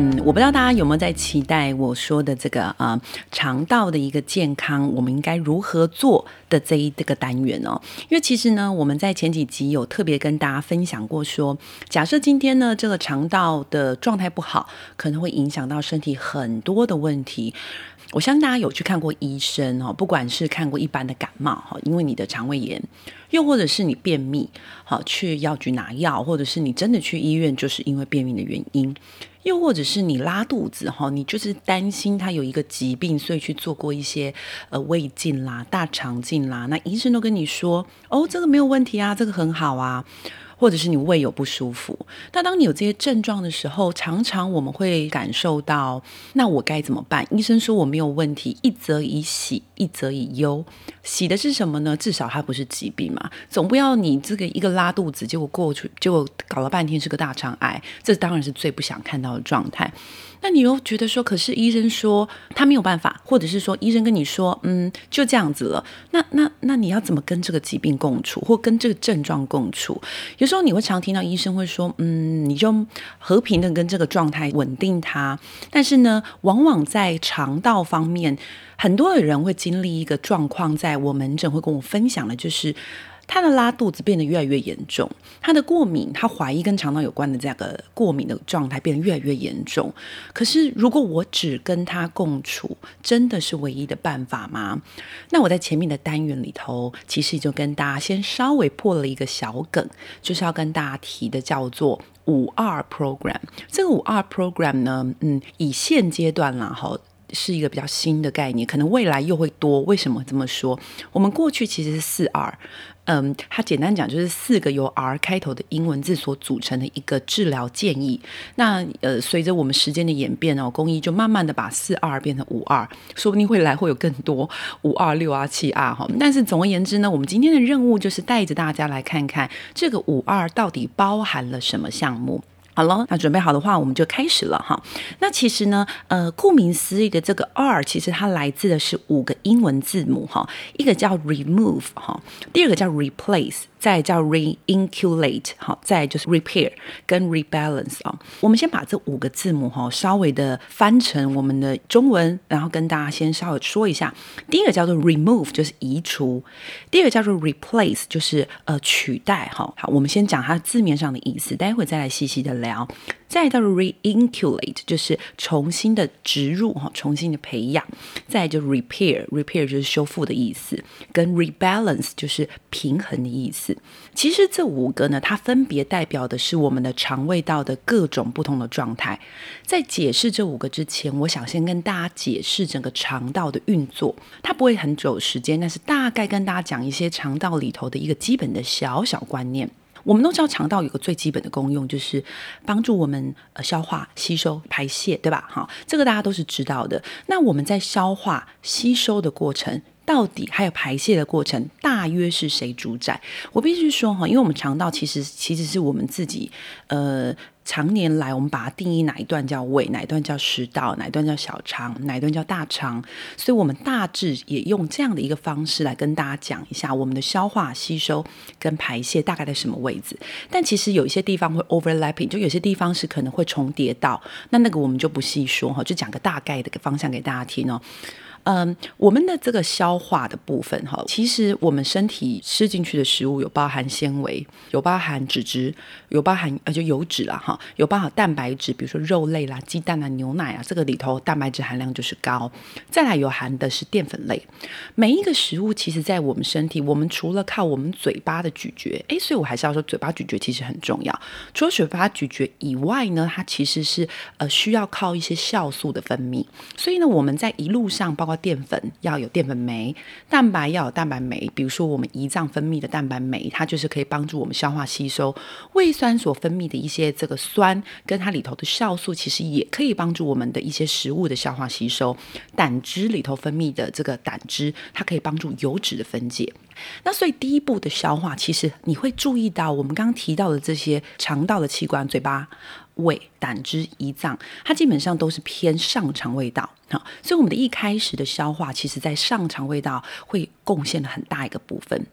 嗯，我不知道大家有沒有在期待我說的這個啊，呃、腸道的一個健康，我們應該如何做的這一這個單元哦？因為其實呢，我們在前幾集有特別跟大家分享過說，說假設今天呢，這個腸道的狀態不好，可能會影響到身體很多的問題。我相信大家有去看過醫生哦，不管是看過一般的感冒哈，因為你的腸胃炎，又或者是你便秘，好去藥局拿藥，或者是你真的去醫院，就是因為便秘的原因，又或者是你拉肚子哈，你就是擔心他有一個疾病，所以去做過一些呃胃鏡啦、大腸鏡啦，那醫生都跟你說哦，這個沒有問題啊，這個很好啊。或者是你胃有不舒服，但當你有這些症狀的時候，常常我們會感受到，那我該怎麼辦？醫生說我沒有問題，一則以喜，一則以憂。喜的是什麼呢？至少它不是疾病嘛，總不要你這個一個拉肚子，結果過去，結果搞了半天是個大腸癌，這當然是最不想看到的狀態。那你又覺得說，可是醫生說他沒有辦法，或者是說醫生跟你說，嗯，就這樣子了。那那那你要怎麼跟這個疾病共處，或跟這個症狀共處？有時候你會常聽到醫生會說，嗯，你就和平的跟這個狀態穩定它。但是呢，往往在腸道方面，很多的人會經歷一個狀況，在我門診會跟我分享的，就是。他的拉肚子變得越來越嚴重，他的過敏，他懷疑跟腸道有關的這個過敏的狀態變得越來越嚴重。可是，如果我只跟他共處，真的是唯一的辦法嗎？那我在前面的單元裡頭，其實就跟大家先稍微破了一個小梗，就是要跟大家提的叫做 5R Program。這個 5R Program 呢，嗯，以現階段啦，是一個比較新的概念，可能未來又會多。為什麼這麼說？我們過去其實是四 R，嗯，它簡單講就是四個由 R 開頭的英文字所組成的一個治療建議。那呃，隨着我們時間的演變哦，功醫就慢慢的把四 R 變成五 R，說不定會來會有更多五 R 六 R 七 R 哈。但是總而言之呢，我們今天的任務就是帶着大家來看看這個五 R 到底包含了什麼項目。好了，那準備好的話，我們就開始了哈。那其實呢，呃，顧名思義的這個 R，其實它來自的是五個英文字母哈，一個叫 Remove 哈，第二個叫 Replace。再叫 re-inoculate 好，再就是 repair 跟 rebalance 啊。我們先把這五個字母哈稍微的翻成我們的中文，然後跟大家先稍微說一下。第一個叫做 remove 就是移除，第二個叫做 replace 就是呃取代哈。好，我們先講它字面上的意思，待會再來細細的聊。再到 Reinoculate 就是重新的植入哈，重新的培養；再來就 repair，repair re 就是修復的意思，跟 rebalance 就是平衡的意思。其實這五個呢，它分別代表的是我們的腸胃道的各種不同的狀態。在解釋這五個之前，我想先跟大家解釋整個腸道的運作，它不會很久的時間，但是大概跟大家講一些腸道裡頭的一個基本的小小觀念。我們都知道，腸道有個最基本的功用，就是幫助我們呃消化、吸收、排泄，對吧？好，這個大家都是知道的。那我們在消化、吸收的過程到底還有排泄的過程，大約是誰主宰？我必須說哈，因為我們腸道其實其實是我們自己，呃，常年來我們把它定義哪一段叫胃，哪一段叫食道，哪一段叫小腸，哪一段叫大腸，所以我們大致也用這樣的一個方式來跟大家講一下我們的消化吸收跟排泄大概在什麼位置。但其實有一些地方會 overlapping，就有些地方是可能會重疊到，那那個我們就不細說哈，就講個大概的方向給大家聽哦。嗯，我們的這個消化的部分哈，其實我們身體吃進去的食物有包含纖維，有包含脂質，有包含呃就油脂啦哈，有包含蛋白質，比如說肉類啦、雞蛋啊、牛奶啊，這個裡頭蛋白質含量就是高。再來有含的是澱粉類。每一個食物，其實在我們身體，我們除了靠我們嘴巴的咀嚼，哎，所以我還是要說，嘴巴咀嚼其實很重要。除了嘴巴咀嚼以外呢，它其實是呃需要靠一些酵素的分泌。所以呢，我們在一路上，包括澱粉要有澱粉酶，蛋白要有蛋白酶。比如說，我們胰臟分泌的蛋白酶，它就是可以幫助我們消化吸收。胃酸所分泌的一些這個酸，跟它裡頭的酵素，其實也可以幫助我們的一些食物的消化吸收。膽汁裡頭分泌的這個膽汁，它可以幫助油脂的分解。那所以第一步的消化，其實你會注意到我們剛剛提到的這些腸道的器官，嘴巴。胃、膽汁、胰臟，它基本上都是偏上腸胃道，好，所以我們的一開始的消化，其實在上腸胃道會貢獻了很大一個部分。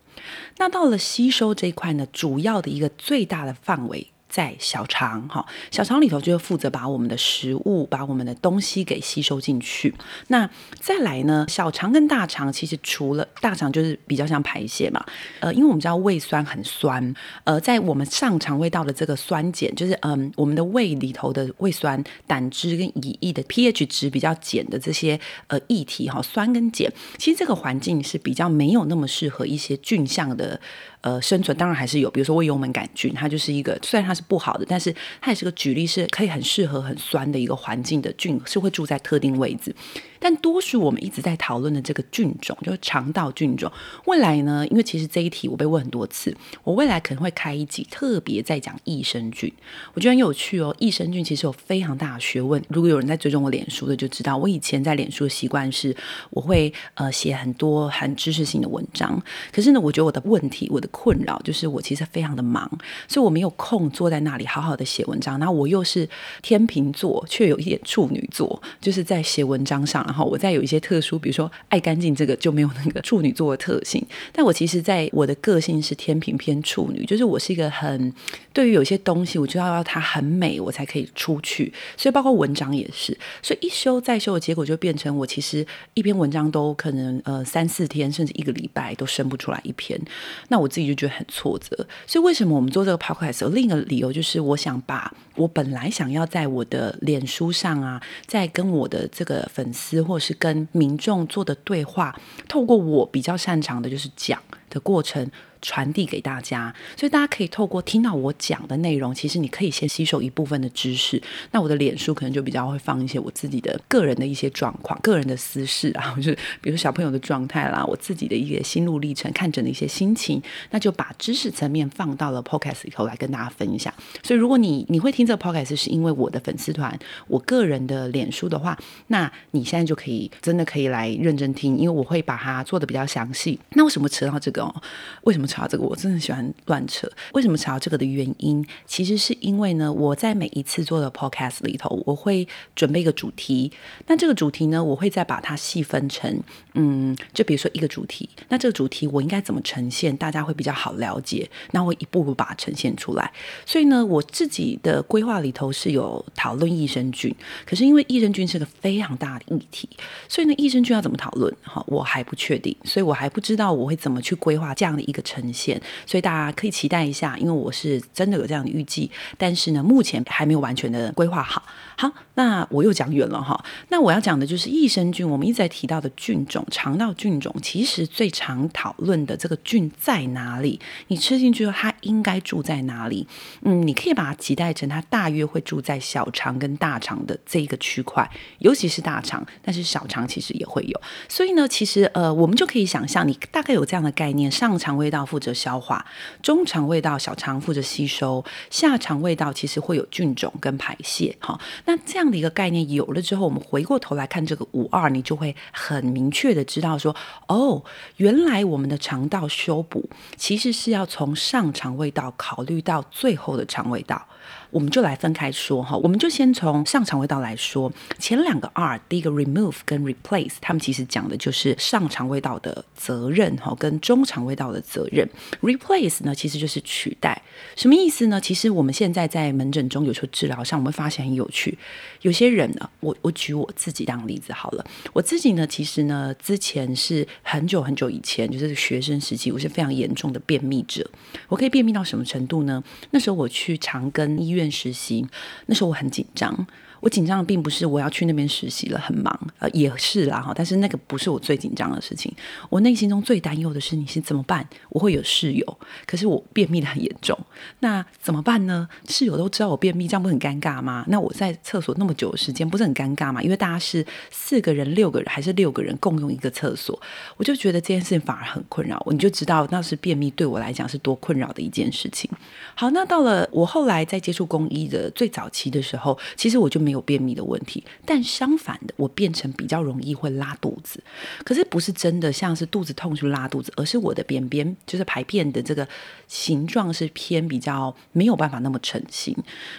那到了吸收這一塊呢，主要的一個最大的範圍。在小腸，哈，小腸裡頭就會負責把我們的食物、把我們的東西給吸收進去。那再來呢，小腸跟大腸其實除了大腸就是比較像排泄嘛，呃，因為我們知道胃酸很酸，呃，在我們上腸胃道的這個酸鹼，就是嗯、呃，我們的胃裡頭的胃酸、膽汁跟胰液，的 pH 值比較鹼的這些呃液體哈，酸跟鹼，其實這個環境是比較沒有那麼適合一些菌相的呃生存，當然還是有，比如說胃幽門桿菌，它就是一個雖然它是。不好的，但是它也是個舉例，是可以很適合很酸的一個環境的菌，是會住在特定位置。但多數我們一直在討論的這個菌種，就是腸道菌種。未來呢，因為其實這一題我被問很多次，我未來可能會開一集特別在講益生菌。我覺得很有趣哦，益生菌其實有非常大的學問。如果有人在追蹤我臉書的，就知道我以前在臉書的習慣是，我會呃寫很多很知識性的文章。可是呢，我覺得我的問題，我的困擾就是我其實非常的忙，所以我沒有空坐在。在那裡好好的寫文章，然後我又是天秤座，卻有一點處女座，就是在寫文章上，然後我在有一些特殊，比如說愛乾淨這個就沒有那個處女座的特性。但我其實，在我的個性是天秤偏處女，就是我是一個很對於有些東西，我就要，要它很美，我才可以出去。所以包括文章也是，所以一修再修的結果就變成我其實一篇文章都可能呃三四天，甚至一個禮拜都生不出來一篇，那我自己就覺得很挫折。所以為什麼我們做這個 podcast，有另一個理由就是，我想把我本來想要在我的臉書上啊，在跟我的這個粉絲或是跟民眾做的對話，透過我比較擅長的就是講的過程。傳遞給大家，所以大家可以透過聽到我講的內容，其實你可以先吸收一部分的知識。那我的臉書可能就比較會放一些我自己的個人的一些狀況、個人的私事啊，就是比如小朋友的狀態啦，我自己的一些心路歷程、看診的一些心情，那就把知識層面放到了 Podcast 裡頭來跟大家分享。所以，如果你你會聽這個 Podcast 是因為我的粉絲團、我個人的臉書的話，那你現在就可以真的可以來認真聽，因為我會把它做得比較詳細。那為什麼扯到這個、哦？為什麼？查這個我真的喜歡亂扯。為什麼查這個的原因，其實是因為呢，我在每一次做的 podcast 裡頭，我會準備一個主題。那這個主題呢，我會再把它細分成，嗯，就比如說一個主題。那這個主題我應該怎麼呈現，大家會比較好了解？那我一步步把它呈現出來。所以呢，我自己的規劃裡頭是有討論益生菌，可是因為益生菌是個非常大的議題，所以呢，益生菌要怎麼討論，好，我還不確定，所以我還不知道我會怎麼去規劃這樣的一個呈現，所以大家可以期待一下，因為我是真的有這樣的預計，但是呢，目前還沒有完全的規劃好。好，那我又講遠了哈。那我要講的就是益生菌，我們一直在提到的菌種，腸道菌種，其實最常討論的這個菌在哪裡？你吃進去後，它應該住在哪裡？嗯，你可以把它期待成它大約會住在小腸跟大腸的這一個區塊，尤其是大腸，但是小腸其實也會有。所以呢，其實呃，我們就可以想象，你大概有這樣的概念：上腸胃道負責消化，中腸胃道小腸負責吸收，下腸胃道其實會有菌種跟排泄。哈。那這樣的一個概念，有了之後，我們回過頭來看這個 5R，你就會很明確的知道說，哦，原來我們的腸道修補其實是要從上腸胃道考慮到最後的腸胃道。我們就來分開說哈，我們就先從上腸胃道來說，前兩個 R，第一個 Remove 跟 Replace，他們其實講的就是上腸胃道的責任哈，跟中腸胃道的責任。Replace 呢，其實就是取代，什麼意思呢？其實我們現在在門診中，有時候治療上，我們會發現很有趣，有些人呢，我我舉我自己當例子好了，我自己呢，其實呢，之前是很久很久以前，就是學生時期，我是非常嚴重的便秘者，我可以便秘到什麼程度呢？那時候我去長庚醫院。實習那時候我很緊張。我緊張的並不是我要去那邊實習了，很忙，呃，也是啦。哈，但是那個不是我最緊張的事情。我內心中最擔憂的是，你是怎麼辦？我會有室友，可是我便秘得很嚴重，那怎麼辦呢？室友都知道我便秘，這樣不很尷尬嗎？那我在廁所那麼久的時間，不是很尷尬嗎？因為大家是四個人、六個人還是六個人共用一個廁所，我就覺得這件事情反而很困擾。你就知道那是便秘對我來講是多困擾的一件事情。好，那到了我後來在接觸功醫的最早期的時候，其實我就沒。有便秘的問題，但相反的，我變成比較容易會拉肚子。可是不是真的像是肚子痛去拉肚子，而是我的便便就是排便的這個形狀是偏比較沒有辦法那麼成型。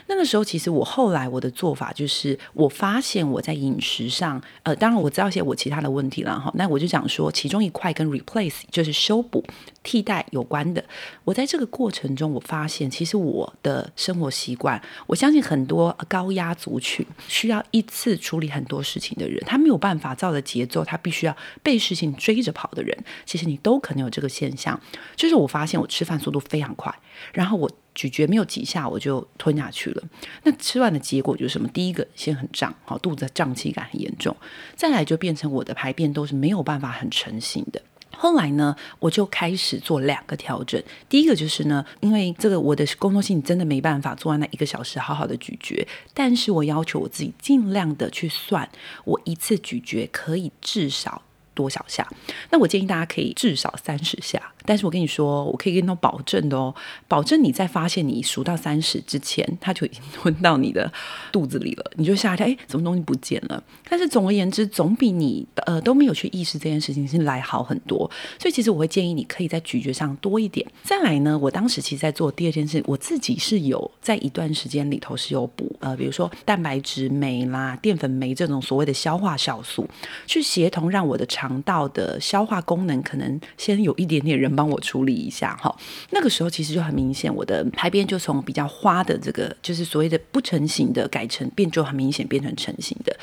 那個時候，其實我後來我的做法就是，我發現我在飲食上，呃，當然我知道一些我其他的問題了哈。那我就想說，其中一塊跟 replace 就是修補替代有關的。我在這個過程中，我發現其實我的生活習慣，我相信很多高壓族群，需要一次處理很多事情的人，他沒有辦法照着節奏，他必須要被事情追着跑的人，其實你都可能有這個現象。就是我發現我吃飯速度非常快，然後我咀嚼沒有幾下我就吞下去了。那吃完的結果就是什麼？第一個先很脹，肚子脹氣感很嚴重，再來就變成我的排便都是沒有辦法很成型的。後來呢，我就開始做兩個調整。第一個就是呢，因為這個我的工作性真的沒辦法做完那一個小時好好的咀嚼，但是我要求我自己盡量的去算，我一次咀嚼可以至少多少下？那我建議大家可以至少三十下。但是我跟你說，我可以跟你保證的哦，保證你在發現你數到三十之前，它就已經吞到你的肚子裡了，你就嚇一跳，哎，什麼東西不見了？但是總而言之，總比你呃都沒有去意識這件事情是來好很多。所以其實我會建議你可以在咀嚼上多一點。再來呢，我當時其實在做第二件事，我自己是有在一段時間裡頭是有補呃，比如說蛋白質酶啦、澱粉酶這種所謂的消化酵素，去協同讓我的腸道的消化功能可能先有一點點人，幫我處理一下哈，那個時候其實就很明顯，我的排便就從比較花的這個，就是所謂的不成型的，改成變就很明顯變成成成型的。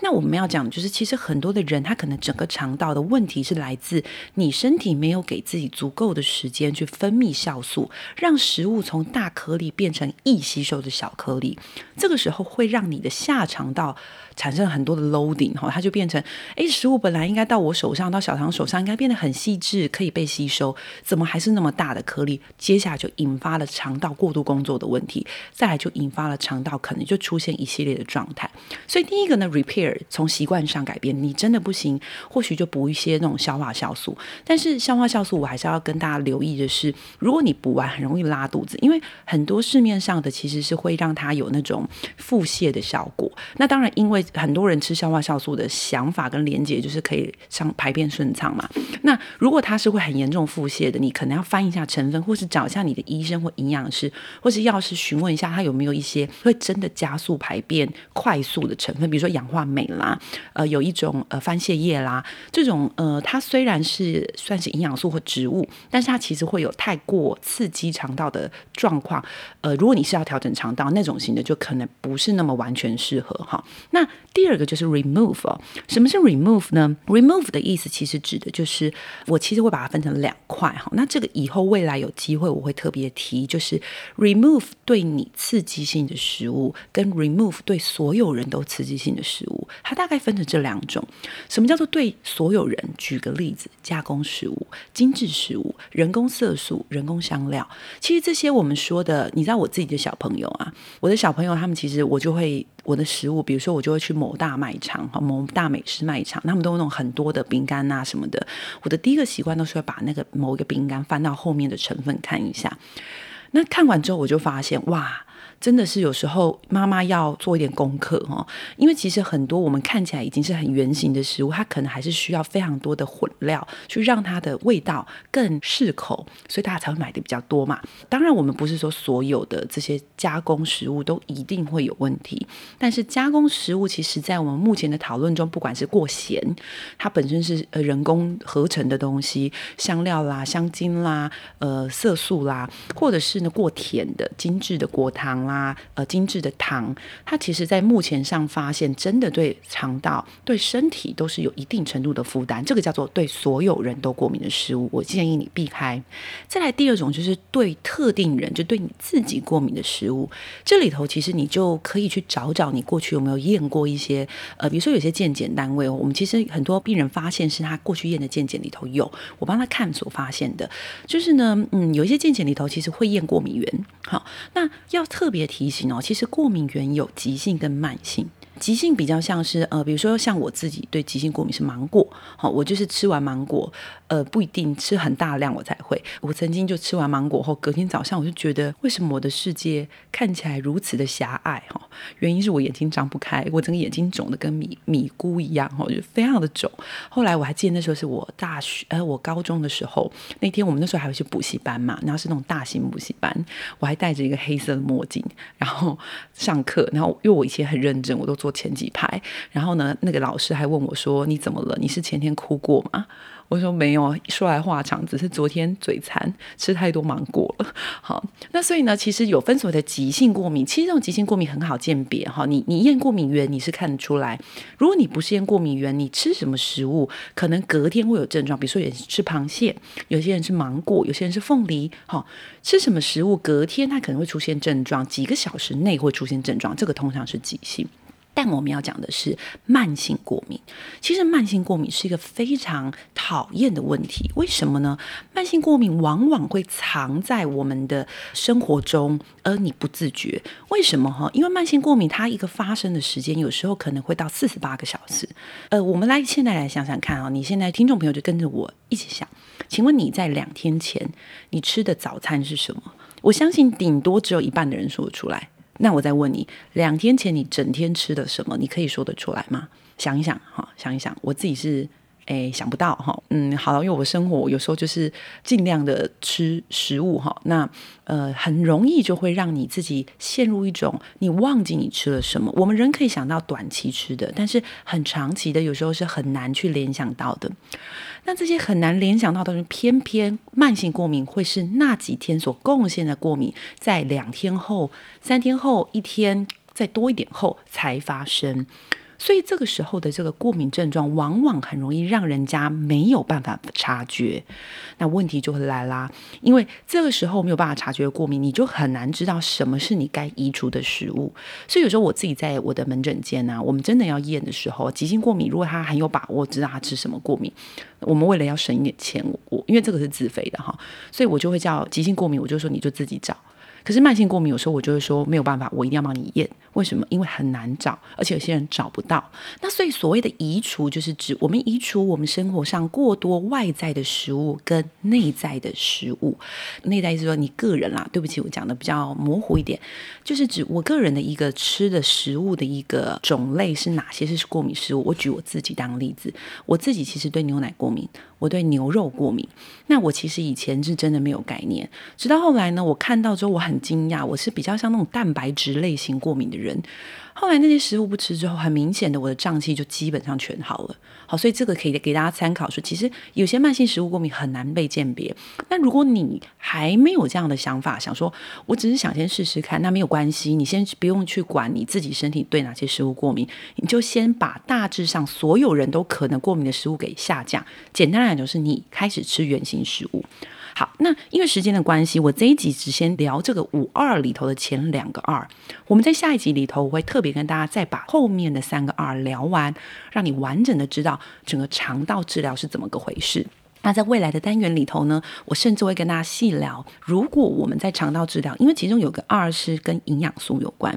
那我們要講的就是，其實很多的人他可能整個腸道的問題是來自你身體沒有給自己足夠的時間去分泌酵素，讓食物從大顆粒變成易吸收的小顆粒。這個時候會讓你的下腸道產生很多的 loading 哈，它就變成誒、欸，食物本來應該到我手上到小腸手上應該變得很細緻，可以被吸收。怎麼還是那麼大的顆粒？接下來就引發了腸道過度工作的問題，再來就引發了腸道可能就出現一系列的狀態。所以第一個呢，Repair 從習慣上改變。你真的不行，或許就補一些那種消化酵素。但是消化酵素我還是要跟大家留意的是，如果你補完很容易拉肚子，因為很多市面上的其實是會讓它有那種腹瀉的效果。那當然，因為很多人吃消化酵素的想法跟連接就是可以上排便順暢嘛。那如果它是會很嚴重腹瀉。的你可能要翻一下成分，或是找一下你的醫生或營養師，或是藥師詢問一下，他有沒有一些會真的加速排便、快速的成分，比如說氧化鎂啦，呃，有一種呃番瀉葉啦，這種呃，它雖然是算是營養素或植物，但是它其實會有太過刺激腸道的狀況。呃，如果你是要調整腸道那種型的，就可能不是那麼完全適合哈。那第二個就是 remove 哦，什麼是 remove 呢？remove 的意思其實指的就是我其實會把它分成兩塊。那這個以後未來有機會，我會特別提，就是 remove 對你刺激性的食物，跟 remove 對所有人都刺激性的食物，它大概分成這兩種。什麼叫做對所有人？舉個例子，加工食物、精緻食物、人工色素、人工香料，其實這些我們說的，你知道我自己的小朋友啊，我的小朋友他們其實我就會。我的食物，比如說我就會去某大賣場、某大美食賣場，他們都有那種很多的餅乾啊什麼的。我的第一個習慣都是會把那個某一個餅乾翻到後面的成分看一下。那看完之後，我就發現哇。真的是有時候媽媽要做一點功課哦，因為其實很多我們看起來已經是很原型的食物，它可能還是需要非常多的混料去讓它的味道更適口，所以大家才會買的比較多嘛。當然，我們不是說所有的這些加工食物都一定會有問題，但是加工食物其實，在我們目前的討論中，不管是過鹹，它本身是呃人工合成的東西，香料啦、香精啦、呃色素啦，或者是呢過甜的精致的果糖啦。啊，呃，精緻的糖，它其實在目前上發現，真的對腸道、對身體都是有一定程度的負擔。這個叫做對所有人都過敏的食物，我建議你避開。再來第二種就是對特定人，就對你自己過敏的食物。這裡頭其實你就可以去找找你過去有沒有驗過一些，呃，比如說有些健檢單位，我們其實很多病人發現是他過去驗的健檢裡頭有，我幫他看所發現的，就是呢，嗯，有一些健檢裡頭其實會驗過敏原。好，那要特別。提醒哦，其實過敏原有急性跟慢性。急性比較像是呃，比如說像我自己對急性過敏是芒果，好，我就是吃完芒果，呃，不一定吃很大量我才會。我曾經就吃完芒果後，隔天早上我就覺得為什麼我的世界看起來如此的狹隘哈？原因是我眼睛張不開，我整個眼睛腫得跟米米咕一樣哈，就是非常的腫。後來我還記得那時候是我大學，呃，我高中的時候，那天我們那時候還會去補習班嘛，然後是那種大型補習班，我還戴着一個黑色的墨鏡，然後上課，然後因為我以前很認真，我都做。前幾排，然後呢，那個老師還問我說：“你怎麼了？你是前天哭過嗎？”我說：“沒有。”說來話長，只是昨天嘴饞，吃太多芒果了。好，那所以呢，其實有分所謂的急性過敏，其實這種急性過敏很好鑑別哈、哦。你你驗過敏原，你是看得出來。如果你不是驗過敏原，你吃什麼食物，可能隔天會有症狀。比如說，有些吃螃蟹，有些人是芒果，有些人是鳳梨。哈、哦，吃什麼食物隔天他可能會出現症狀，幾個小時內會出現症狀，這個通常是急性。但我們要講的是慢性過敏。其實慢性過敏是一個非常討厭的問題。為什麼呢？慢性過敏往往會藏在我們的生活中，而你不自覺。為什麼哈？因為慢性過敏它一個發生的時間，有時候可能會到四十八個小時。呃，我們來現在來想想看啊，你現在聽眾朋友就跟着我一起想，請問你在兩天前你吃的早餐是什麼？我相信頂多只有一半的人說得出來。那我再問你，兩天前你整天吃的什麼？你可以說得出來嗎？想一想，哈，想一想，我自己是。誒，想不到哈，嗯，好，因為我生活有時候就是盡量的吃食物哈，那呃很容易就會讓你自己陷入，一種你忘記你吃了什麼。我們人可以想到短期吃的，但是很長期的有時候是很難去聯想到的。那這些很難聯想到的是偏偏慢性過敏會是那幾天所貢獻的過敏，在兩天後、三天後、一天再多一點後才發生。所以這個時候的這個過敏症狀，往往很容易讓人家沒有辦法察覺，那問題就會來啦。因為這個時候沒有辦法察覺過敏，你就很難知道什麼是你該移除的食物。所以有時候我自己在我的門診間呢、啊，我們真的要驗的時候，急性過敏如果他很有把握知道他吃什麼過敏，我們為了要省一點錢，我因為這個是自費的哈，所以我就會叫急性過敏，我就說你就自己找。可是慢性過敏有時候我就會說沒有辦法，我一定要幫你驗。為什麼？因為很難找，而且有些人找不到。那所以所謂的移除，就是指我們移除我們生活上過多外在的食物跟內在的食物。內在意思說你個人啦、啊，對不起，我講的比較模糊一點，就是指我個人的一個吃的食物的一個種類是哪些是過敏食物。我舉我自己當例子，我自己其實對牛奶過敏，我對牛肉過敏。那我其實以前是真的沒有概念，直到後來呢，我看到之後我很很驚訝，我是比較像那種蛋白質類型過敏的人。後來那些食物不吃之後，很明顯的我的脹氣就基本上全好了。好，所以這個可以給大家參考說，其實有些慢性食物過敏很難被鑑別。但如果你還沒有這樣的想法，想說我只是想先試試看，那沒有關係，你先不用去管你自己身體對哪些食物過敏，你就先把大致上所有人都可能過敏的食物給下降。簡單來講，就是你開始吃原型食物。好，那因為時間的關係，我這一集只先聊這個 5R 裡頭的前兩個 R。我們在下一集裡頭，我會特別跟大家再把後面的三個 R 聊完，讓你完整的知道整個腸道治療是怎麼個回事。那在未來的單元裡頭呢，我甚至會跟大家細聊，如果我們在腸道治療，因為其中有個 R 是跟營養素有關。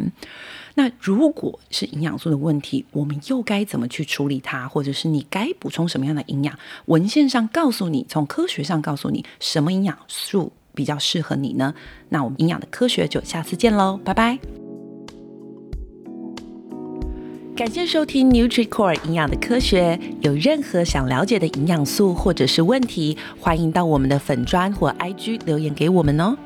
那如果是營養素的問題，我們又該怎麼去處理它？或者是你該補充什麼樣的營養？文獻上告訴你，從科學上告訴你，什麼營養素比較適合你呢？那我們營養的科學就下次見嘍，拜拜！感謝收聽 NutriCore 營養的科學。有任何想了解的營養素或者是問題，歡迎到我們的粉專或 IG 留言給我們哦。